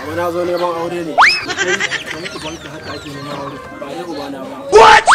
What?